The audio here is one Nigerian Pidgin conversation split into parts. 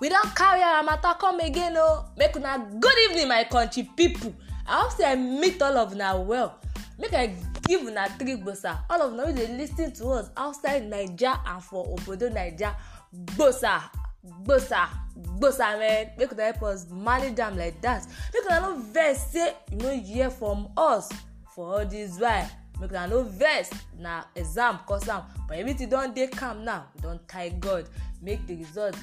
we don carry our matter come again o oh. make una good evening my country pipo i hope say i meet all of una well make i give una three gbosa all of una wey dey lis ten to us outside naija and for obodo naija gbosa gbosa gbosa man make una help us manage am like that make una no vex say you no hear from us for all this while make una no vex na exam cause am but everything don dey calm now we don thank god make the result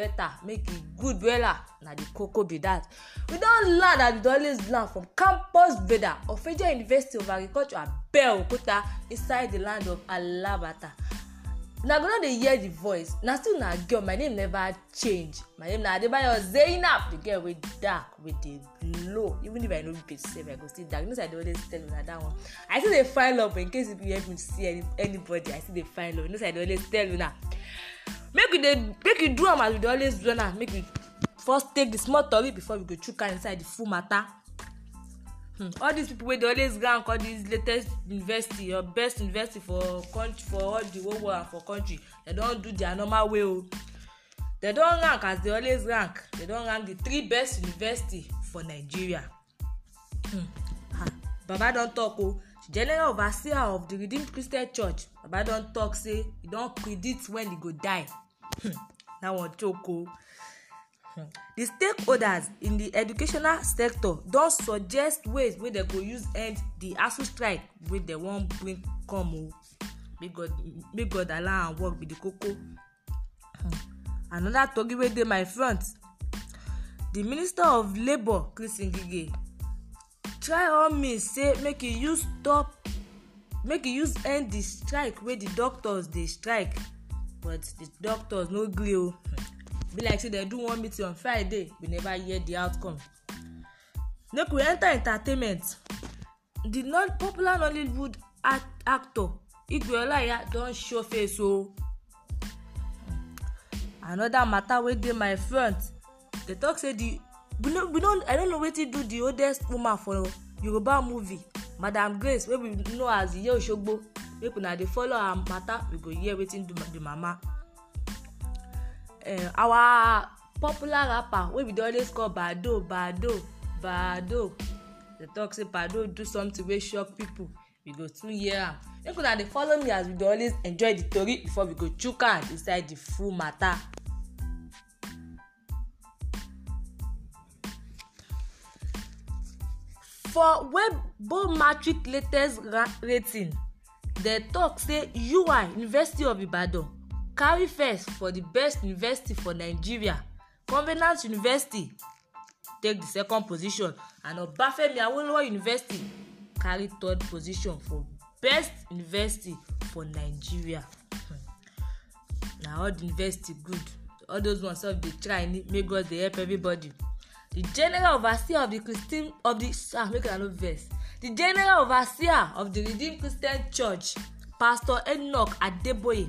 better make you e good wella na the koko be that we don land and we dey always land from campus veda of federal university of agriculture abeokuta inside the land of alabata una go don dey hear the voice na still na girl my name never change my name na adebayo zainab the girl wey dark wey dey blow even if i no be safe, i go still dark you know say i dey always tell una that one i still dey find love in case you help me see any anybody i still dey find love you know say i dey always tell una make you dey make you do am as you dey always do na. make you first take the small tori before you go chook eye inside the full matter hmm. all these people wey dey always rank all these latest university or best university for country for all the whole world and for country dem don do their normal way o dem don rank as dem always rank dem don rank the three best university for nigeria hmm. ha. baba don talk o general overseer of the redeemed christian church baba don talk say he don predict when he go die hmm. that one choke o hmm. the stakeholders in the educational sector don suggest ways wey dem go use end the asu strike wey dem wan bring come o make god may god allow am work be the koko hmm. another tori wey dey my front the minister of labour chris ngige try all means say make you use stop make you use end the strike wey the doctors dey strike but the doctors no gree o be like say dem do one meeting on friday we never hear the outcome make we enter entertainment The non popular nollywood act actor igwe olaiya don show face o another matter wey dey my front dey talk say the we no we no i don't know wetin do the oldest woman for yoruba movie madam grace wey we know as iye osogbo make una dey follow her matter we go hear wetin do the mama uh, our popular rapper wey we dey always call bado bado bado dey talk say bado do something wey shock people we go too hear am make una dey follow me as we dey always enjoy the tori before we go chook hand inside the full matter. for webometrics latest rating dem tok say ui university of ibadan carry first for di best university for nigeria covenant university take di second position and obafemi awolowo university carry third position for best university for nigeria hmm. na all di university good all those ones sef dey try make god dey help everybody the general overseer of the christian of the ah make una no vex the general overseer of the redeemed christian church pastor enoch adeboye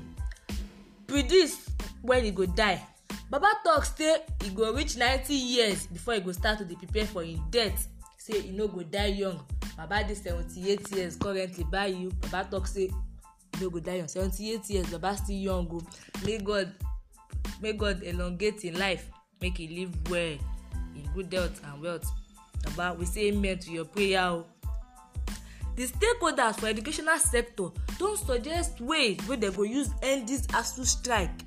predict when he go die baba talk say he go reach ninety years before he go start to dey prepare for im death say he no go die young baba dey seventy-eight years currently By you, baba talk say e no go die young seventy-eight years baba still young o may god may god elongate im life make e live well good health and wealth baba we say amen to your prayer o the stakeholders for educational sector don suggest ways wey dem go use end this asu strike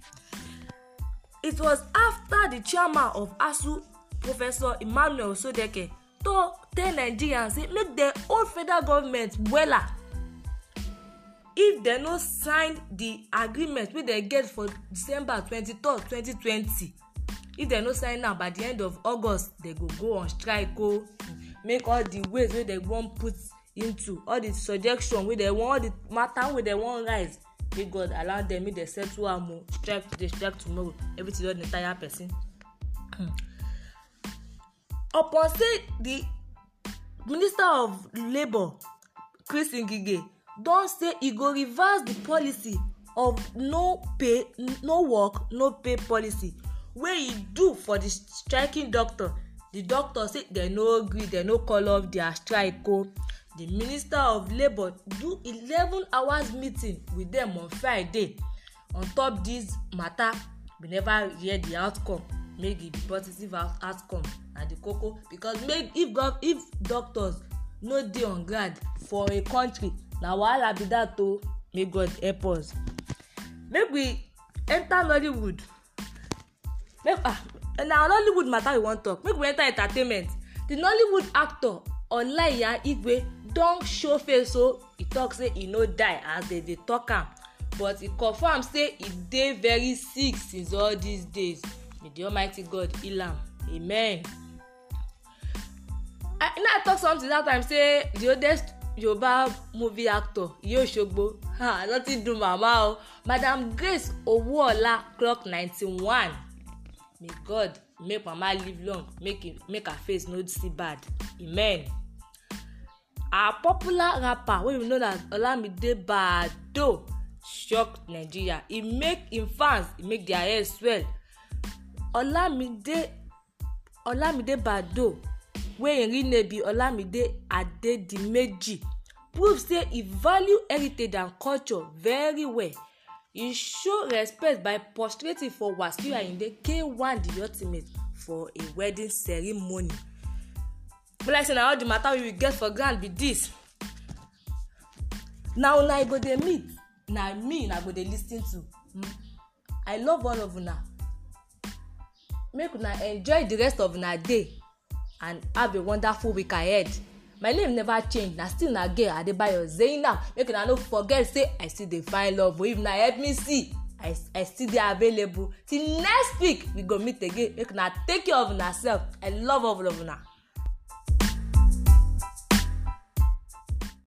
it was after the chairman of asu professor emmanuel sodeke talk tell nigerians say make dem hold federal government wella if dem no sign the agreement wey dem get for december twenty-three twenty twenty if dem no sign now, by the end of august dem go go on strike o oh. make all the ways wey dem wan put into all the suggestion wey dem wan all the matter wey dem wan rise make god allow dem make dem settle am o oh. strike today strike tomorrow everything don dey tire person. upon say the minister of labour chris ngige don say e go reverse the policy of no pay no work no pay policy wey e do for the striking doctor the doctor say dem no gree dem no call off their strike o the minister of labour do eleven hours meeting with dem on friday on top dis matter we never hear the outcome make the positive out outcome na the koko because make if gov if doctors no dey on ground for a country na wahala be that o may god help us make we enter nollywood make ah na nollywood matter we wan talk make we enter entertainment the nollywood actor ọláìyá igwe don show face so e talk say e no die as dem dey talk am but e confam say e dey very sick since all these days may the almighty god heal am amen. i na talk something that time say the oldest yoruba movie actor iye osogbo ha nothing do mama o madam grace owoola clock ninety-one may god make mama live long make him, make her face no see bad amen our popular rapper wey we know as olamide baddo shock nigeria e make im fans e make their head swell olamide olamide baddo wey im real name be olamide adedimeji prove say e value heritage and culture very well You show respect by prostrating for Wasiu Ayinde K1 the ultimate for a wedding ceremony. Be like say na all the matter we will get for ground be this. Na una I go dey meet, na me una go dey lis ten to. Mm? I love all of una. Make una enjoy the rest of una day and have a wonderful week ahead my name never change na still na girl adebayo zainab make una no forget say i still dey find love o if una help me see i i still dey available till next week we go meet again make una take care of una self. i love all of una.